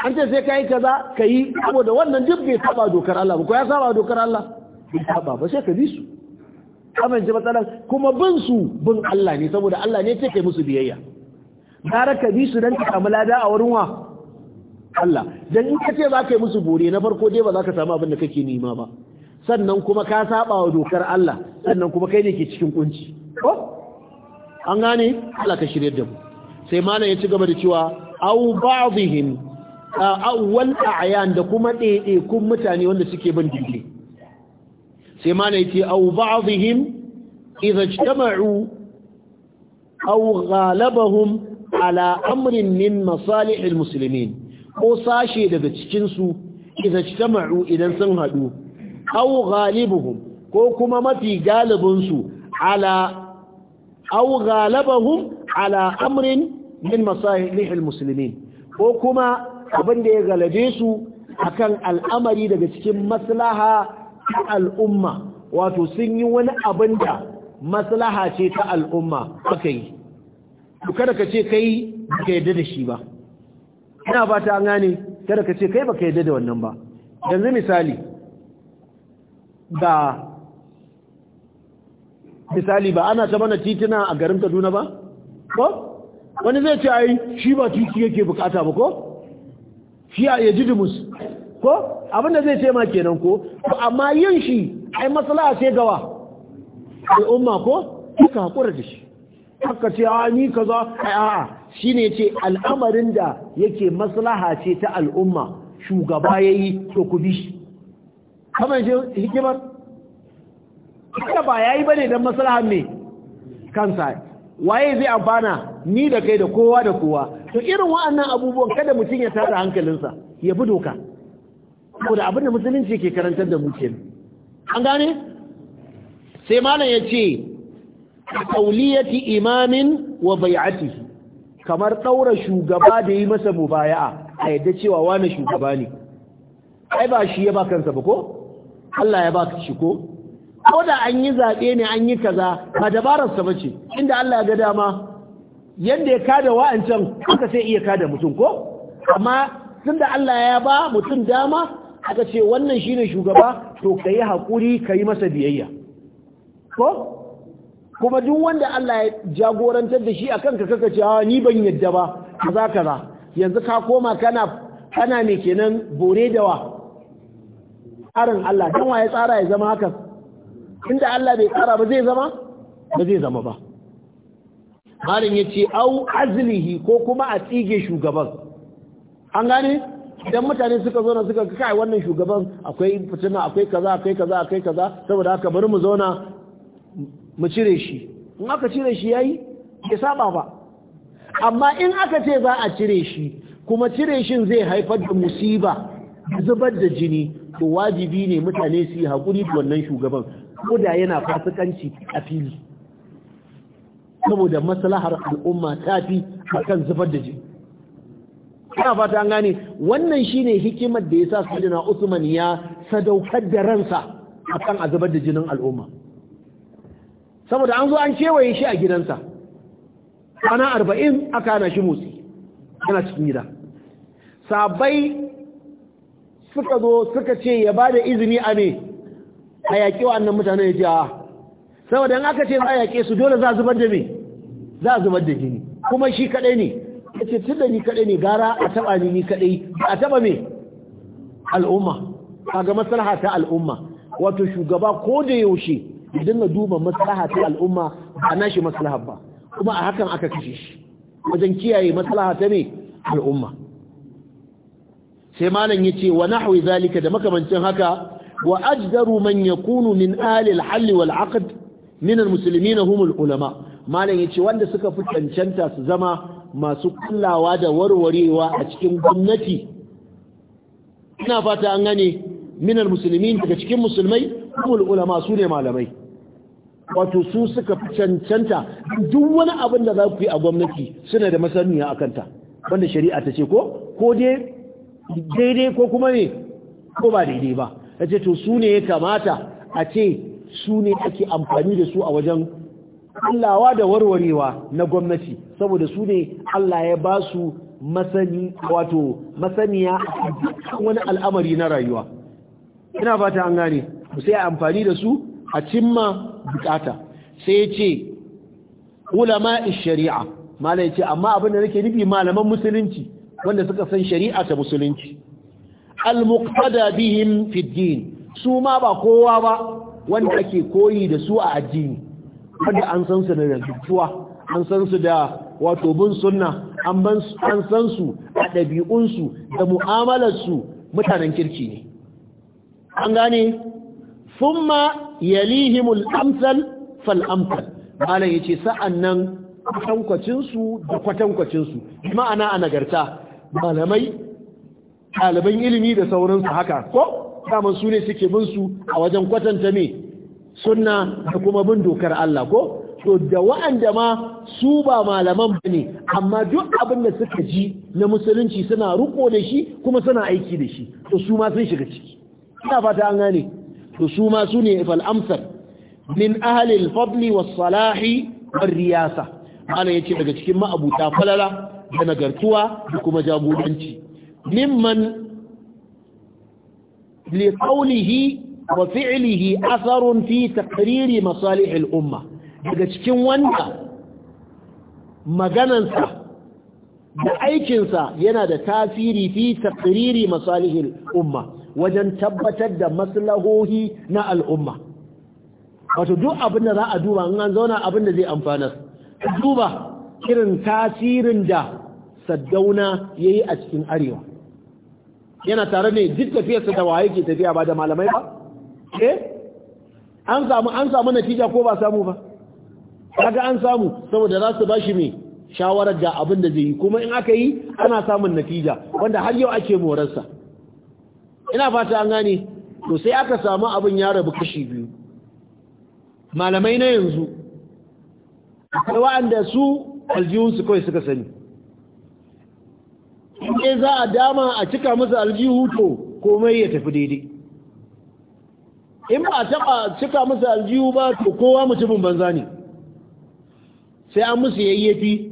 an ce sai ka kaza ka yi saboda wannan duk bai saba dokar Allah ba ko ya saba dokar Allah bai saba ba sai ka bi su ji matsalar kuma bin su bin Allah ne saboda Allah ne ce kai musu biyayya gara ka bi su dan ka samu lada a wurin wa Allah dan in ka ce za ka yi musu bore na farko dai ba za ka samu abin da kake nema ba sannan kuma ka saba wa dokar Allah sannan kuma kai ne ke cikin kunci ko an gane Allah ka shirye da mu sai mana ya ci gaba da cewa au ba'dihim awwal a'yan da kuma ɗaiɗe kun mutane wanda suke bin dinde sai malam ya ce au ba'dihim idza ijtama'u aw ghalabahum ala amrin min masalih almuslimin ko sashe daga cikin su idza ijtama'u idan sun hadu aw ghalibuhum ko kuma mafi galibin su ala aw ghalabahum ala amrin min masalihil muslimin ko kuma abin da ya galabe su akan al'amari daga cikin maslaha ta al'umma wato sun yi wani abin da maslaha ce ta al'umma aka yi kada ka ce kai baka yadda da shi ba ina ba ta gane kada ka ce kai baka yadda da wannan ba yanzu misali da misali ba ana ta mana titina a garin kaduna ba ko wani zai ce ai shi ba titi yake bukata ba ko shi ya ji ko abinda zai ce ma kenan ko amma yin shi ai maslaha ce gawa al'umma ko suka haƙura da shi haka ce a ni kaza ai a'a shine ce al'amarin da yake maslaha ce ta al'umma shugaba yayi to ku bi shi kamar shi hikimar ba yayi bane dan maslahan ne kansa waye zai amfana ni da kai da kowa da kowa to irin wa'annan abubuwan kada mutum ya tada hankalinsa ya bi doka da abin da musulunci ke karantar da mu an gane sai malam ya ce kauliyati imamin wa bai'ati kamar daura shugaba da yi masa mubaya'a a yadda cewa wani shugaba ne ai ba shi ya ba kansa ba ko Allah ya ba shi ko ko da an yi zaɓe ne an yi kaza ba dabararsa ba ce inda Allah ya ga dama yadda ya kada wa'ancan aka sai iya kada mutum ko amma tun da Allah ya ba mutum dama aka ce wannan shine shugaba to ka yi haƙuri ka yi masa biyayya ko kuma duk wanda Allah ya jagorantar da shi a kanka kaka ce ah, ni ban yadda ba kaza kaza yanzu ka koma kana kana ne kenan bore da wa Allah dan wa ya tsara ya zama haka inda Allah bai kara ba zai zama ba zai zama ba malin yace au azlihi ko kuma a tsige shugaban an gane idan mutane suka zo na suka kai wannan shugaban akwai fitina akwai kaza akwai kaza akwai kaza saboda haka bari mu zauna mu cire shi in aka cire shi yayi ya saba ba amma in aka ce za a cire shi kuma cire shin zai haifar da musiba zubar da jini to wajibi ne mutane su yi haƙuri da wannan shugaban Koda yana fasikanci a fili saboda maslahar al'umma ta fi akan zubar da jini ina fata an gane wannan shi ne hikimar da ya sa su sayyidina Usman ya sadaukar da ransa akan a zubar da jinin al'umma saboda an zo an kewaye shi a gidansa ana arba'in aka hana shi motsi yana cikin gida sabai suka zo suka ce ya ba da izini a ne a yaƙi wa'annan mutane ya ce a saboda in aka ce za a yaƙe su dole za a zubar da me za a zubar da jini kuma shi kaɗai ne ya ce tun da ni kaɗai ne gara a taɓa ni ni kaɗai a taɓa me al'umma a ga maslaha ta al'umma wato shugaba ko da yaushe ya dinga duba maslaha ta al'umma ba na shi maslaha ba kuma a hakan aka kashe shi wajen kiyaye maslaha ta me al'umma sai malam ce wa nahwi zalika da makamancin haka wa ajdaru man yakunu min ahli al-hal wal aqd min al-muslimin hum al-ulama malam yace wanda suka fi cancanta su zama masu kullawa da warwarewa a cikin gwamnati ina fata an gane min al-muslimin daga cikin musulmai hum al-ulama su ne malamai wato su suka fi cancanta duk wani abin da za ku yi a gwamnati suna da masaniya a kanta wanda shari'a ta ce ko ko dai daidai ko kuma ne ko ba daidai ba na ce to su ne ya kamata a ce su ne ake amfani da su a wajen allawa da warwarewa na gwamnati saboda su ne allah ya ba su masani wato masaniya wani al'amari na rayuwa ina fata an gane sai amfani da su a cimma bukata sai ya ce ulama shari'a malai ce amma abin da nake nufi malaman musulunci wanda suka san shari'a ta musulunci al-muqtada bihim fi din su ma ba kowa ba wanda ake koyi da su a addini wanda an san su da rubutuwa an san su da wato bin sunna an ban an san su a dabi'un su da mu'amalar su mutanen kirki ne an gane thumma yalihimul amsal fal amsal malam yace sa'annan kwatankwacin su da kwatankwacin su ma'ana a nagarta malamai ɗaliban ilimi da sauransu haka ko daman su ne suke bin su a wajen kwatanta ne sunna da kuma bin dokar Allah ko to da wa'anda ma su ba malaman bane amma duk abin da suka ji na musulunci suna ruko da shi kuma suna aiki da shi to su ma sun shiga ciki ina fata an gane to su ma su ne fal amsar min ahli al fadli was salahi war riyasa ana yace daga cikin ma'abuta falala da nagartuwa da kuma jagoranci mimman liƙaunihi wa fi'ilihi asarun fi takriri masalihil umma daga cikin wanda maganansa da aikinsa yana da tasiri fi takriri masalihil umma wajen tabbatar da maslahohi na al'umma wato duk abin da za a duba an zauna abin da zai amfanar duba irin tasirin da saddauna ya yi a cikin arewa yana tare ne duk tafiyarsa da waye ke tafiya ba da malamai ba eh an samu an samu natija ko ba samu ba kaga an samu saboda za su bashi me shawarar da abin da zai yi kuma in aka yi ana samun natija wanda har yau ake morarsa ina fata an gane to sai aka samu abin ya rabu kashi biyu malamai na yanzu akwai waɗanda su aljihunsu kawai suka sani ne za a dama a cika musu aljihu to komai ya tafi daidai in ba a taba cika musu aljihu ba to kowa mutumin banza ne sai an musu yayyafi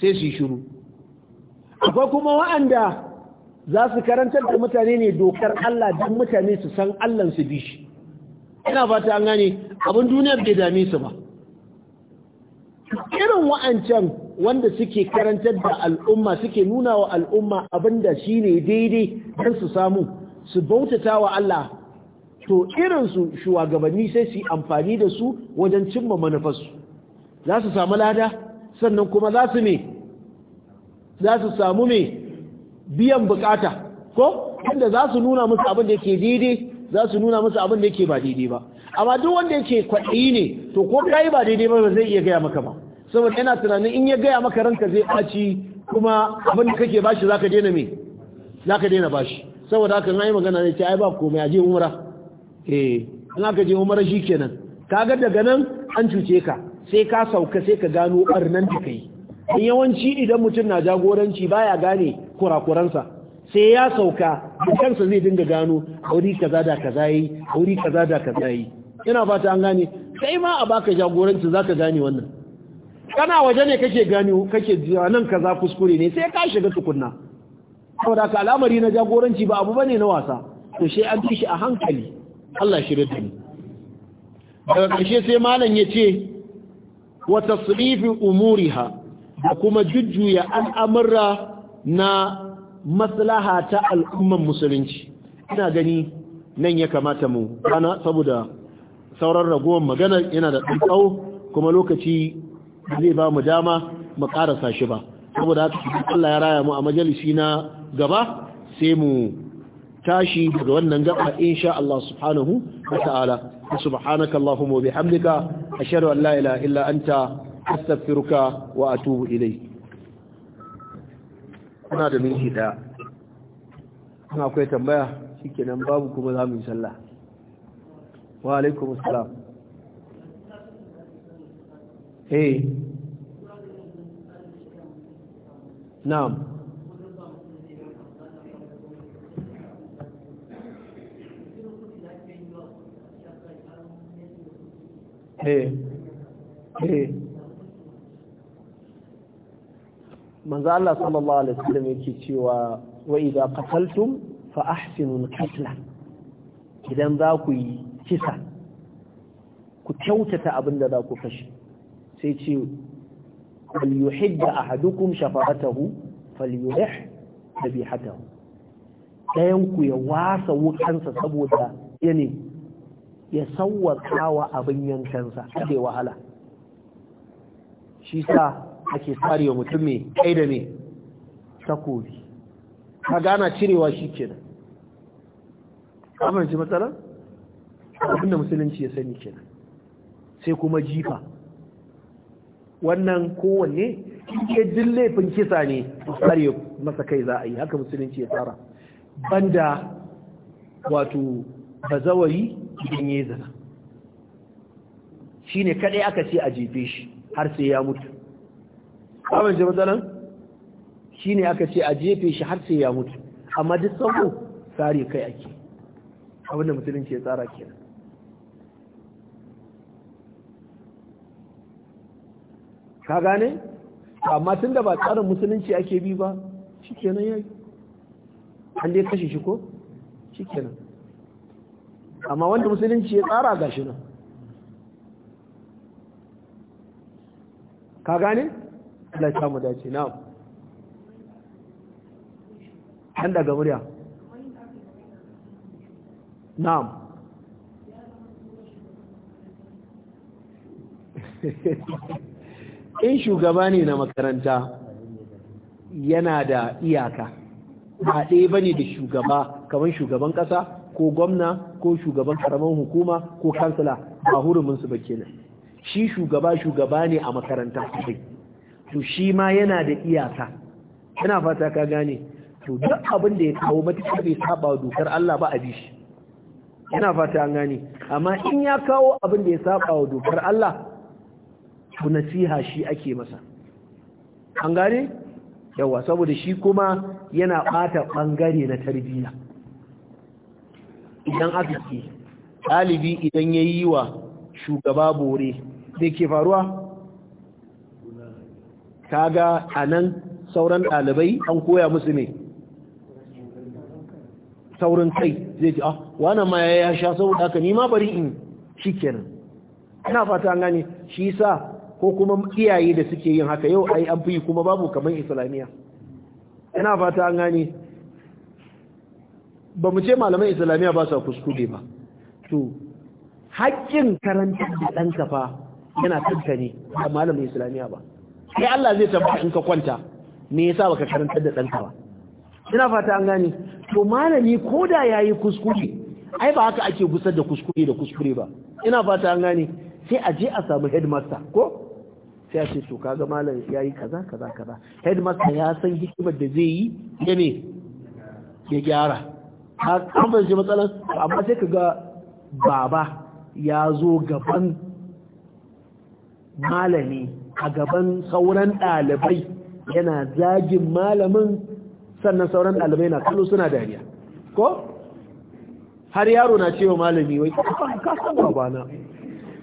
sai su yi shiru akwai kuma wa'anda za su karantar da mutane ne dokar Allah don mutane su san Allah su bi shi ina fata an gane abin duniyar bai dame su ba irin wa'ancan wanda suke karantar da al'umma suke nuna wa al'umma abinda shi ne daidai don su samu su bautata wa Allah to irinsu shugabanni sai su yi amfani da su wajen cimma manufarsu za su samu lada sannan kuma za su ne za su samu mai biyan bukata ko inda za su nuna musu abin da yake daidai za su nuna musu abin da yake ba daidai ba amma duk wanda yake kwaɗayi ne to ko kai ba daidai ba zai iya gaya maka ba saboda yana tunanin in ya gaya maka ranka zai ɓaci kuma abin da kake bashi zaka daina me zaka daina bashi saboda haka na yi magana ne ce ai ba komai a aje umra eh in aka je umra Ka kaga daga nan an cuce ka sai ka sauka sai ka gano barnan da kai yawanci idan mutum na jagoranci baya gane kurakuransa sai ya sauka da kansa zai dinga gano auri kaza da kaza yi auri kaza da kaza yi ina fata an gane sai ma a baka jagoranci zaka gane wannan kana waje ne kake gani kake jiya nan kaza kuskure ne sai ka shiga tukunna saboda ka al'amari na jagoranci ba abu bane na wasa to sai an tishi a hankali Allah shi rubuta daga ƙarshe sai malam ya ce wa tasrifi umuriha da kuma jujjuya al'amura na maslaha ta al'ummar musulunci ina gani nan ya kamata mu kana saboda sauran ragowar magana yana da tsawo kuma lokaci zai ba mu dama mu karasa shi ba saboda haka Allah ya raya mu a majalisi na gaba sai mu tashi daga wannan gaba insha Allah subhanahu wa ta'ala subhanaka allahumma wa bihamdika ashhadu an la ilaha illa anta astaghfiruka wa atubu ilayk kuna da minti ina akwai tambaya shikenan babu kuma za mu yi sallah wa alaikum assalam eh na'am eh eh manzo Allah sallallahu alaihi wasallam yake cewa wa idza qataltum fa ahsinu qatla idan za ku yi kisa ku kyautata abin da za ku kashe sai ce da ahadukum shafaratahu falyurih dabihatahu dayan ku ya wasa wukansa saboda yane ya sawwaka wa abin yankansa sai wahala shi sa ake wa mutum mai kai da mai takobi ka gana cirewa shi kenan amince matsalar abinda musulunci ya sani kenan sai kuma jifa wannan kowanne ke jin laifin kisa ne tsare masa kai za a yi haka musulunci ya tsara banda wato bazawari idan ya zana shi ne kaɗai aka ce a jefe shi har sai ya mutu abin ji matsalan shi ne aka ce a jefe shi har sai ya mutu amma duk sauko tsari kai ake abinda musulunci ya tsara kenan ka gane amma tun da ba tsarin musulunci ake bi ba ya yi an dai kashe shi ko kenan amma wanda musulunci ya tsara shi nan ka gane Allah ya mu dace na an daga murya na'am in shugaba ne na makaranta yana da iyaka a ɗaya ba ne da shugaba kamar shugaban ƙasa ko gwamna ko shugaban ƙaramin hukuma ko kansila ba huruminsu ba kenan shi shugaba shugaba ne a makaranta sosai to shi ma yana da iyaka yana fata ka gane to duk abin da ya kawo matuƙa bai saba dokar Allah ba a bi shi yana fata an gane amma in ya kawo abin da ya saba wa dokar Allah to nasiha shi ake masa an gane yawa saboda shi kuma yana bata bangare na tarbiyya idan aka ce ɗalibi idan ya yi wa shugaba bore zai ke faruwa ta ga anan sauran ɗalibai an koya musu ne saurin kai zai ce ah wannan ma ya sha saboda ka nima bari in shi kenan ina fata gane shi sa ko kuma iyaye da suke yin haka yau ai an fi kuma babu kamar islamiyya ina fata an gane ba mu ce malaman islamiyya ba su kuskure ba to haƙƙin karanta da ɗan kafa yana tanka ne ba malamin islamiyya ba sai Allah zai tabbata in ka kwanta me yasa baka karanta da ɗan kafa ina fata an gane to malami koda yayi kuskure ai ba haka ake gusar da kuskure da kuskure ba ina fata an gane sai a je a samu headmaster ko sai a ce to kaga malam ya yi kaza kaza kaza headmaster ya san hikimar da zai yi ya ne ya gyara an shi matsalar amma sai ka ga baba ya zo gaban malami a gaban sauran ɗalibai yana zagin malamin sannan sauran ɗalibai na kallo suna dariya ko har yaro na cewa malami wai ka san babana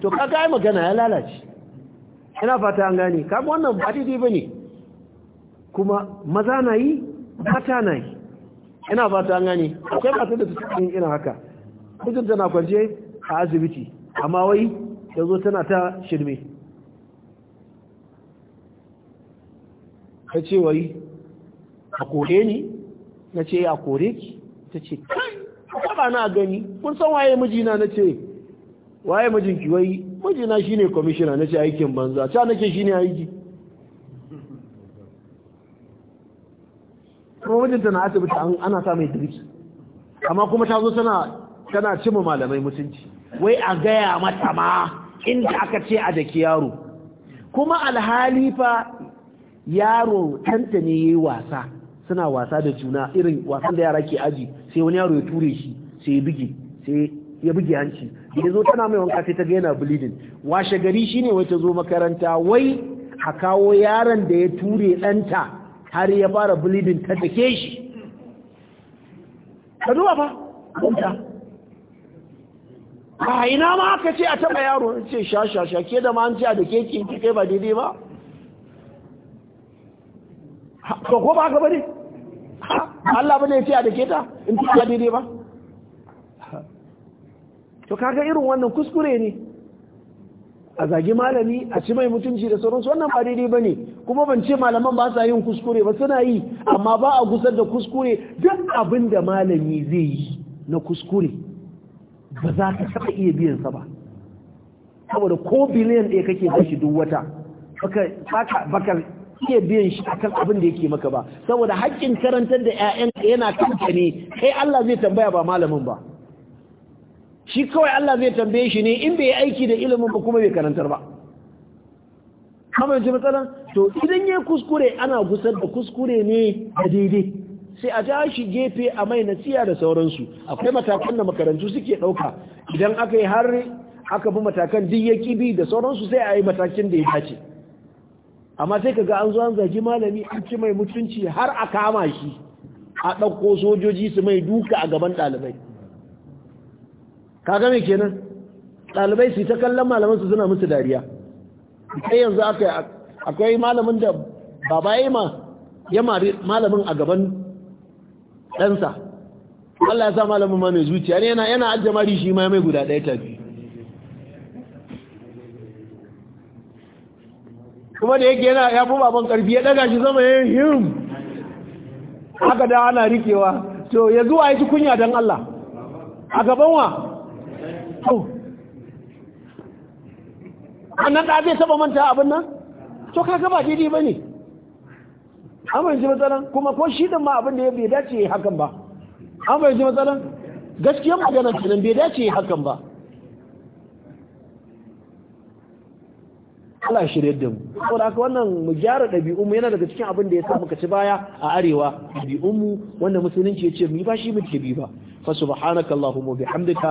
to kaga ai magana ya lalace ina fata an gane kaga wannan ba didi bane kuma maza na yi mata na yi ina fata an gane akwai mata da cikin ina haka mijin tana kwance a asibiti amma wai yanzu tana ta shirme ta ce wai a kore ni na ce a kore ki ta ce kai ba na gani kun san waye mijina na ce waye mijinki wai mijina shine kwamishina na ce aikin banza ta nake shine aiki kuma mijinta na asibiti ana sa mai dirki amma kuma ta zo tana tana cima malamai mutunci wai a gaya mata ma inda aka ce a jaki yaro kuma alhali fa yaro tanta ne yayi wasa suna wasa da juna irin wasan da yara ke aji sai wani yaro ya ture shi sai ya bige sai ya buge hanci ya zo tana mai wanka sai ta ga yana bleeding washe gari shine wai ta zo makaranta wai a kawo yaron da ya ture ɗanta har ya fara bleeding ta dake shi ka duba ba ɗanta a ina ma aka ce a taɓa yaro ce sha sha sha ke da ma an ce a da keke kai ba daidai ba ko ba ka bane Allah bane ya ce a da ke ta in ta daidai ba to kaga irin wannan kuskure ne a zagi malami a ci mai mutunci da sauransu wannan ba daidai ba ne kuma ban ce malaman ba sa yin kuskure ba suna yi amma ba a gusar da kuskure duk abin da malami zai yi na kuskure ba za ka taɓa iya biyansa ba saboda ko biliyan ɗaya kake shi duk wata baka iya biyan shi akan abin da yake maka ba saboda haƙƙin karantar da 'ya'yan yana kanka ne kai Allah zai tambaya ba malamin ba shi kawai Allah zai tambaye shi ne in bai aiki da ilimin ba kuma bai karantar ba kamar ji matsalan to idan ya kuskure ana gusar da kuskure ne a daidai sai a ja shi gefe a mai nasiya da sauransu akwai matakan da makarantu suke ɗauka idan aka yi har aka bi matakan duk ya kibi da sauransu sai a yi matakin da ya dace amma sai ka ga an zo an zagi malami an ci mai mutunci har a kama shi a ɗauko sojoji su mai duka a gaban ɗalibai kaga me kenan ɗalibai su ta kallon malamansu suna musu dariya sai yanzu akwai malamin da baba ya ma ya mari malamin a gaban ɗansa Allah ya sa malamin ma mai zuciya ne yana yana ajja mari shi ma mai guda ɗaya tafi kuma da yake yana ya fi baban ƙarfi ya ɗaga shi zama yin him haka da ana rikewa to ya zuwa ya ci kunya don Allah a gaban to annan da zai saba manta abin nan to ka gaba daidai ba ne an ji matsalan kuma ko shi ɗin ma abin da ya bai dace ya hakan ba an ji matsalan gaskiyar maganar kenan bai dace ya hakan ba Allah shi shirye yadda mu saboda haka wannan mu gyara ɗabi'un mu yana daga cikin abin da ya sa muka ci baya a arewa ɗabi'un mu wanda musulunci ya ce mu yi ba shi mu bi ba fa subhanakallahumma bihamdika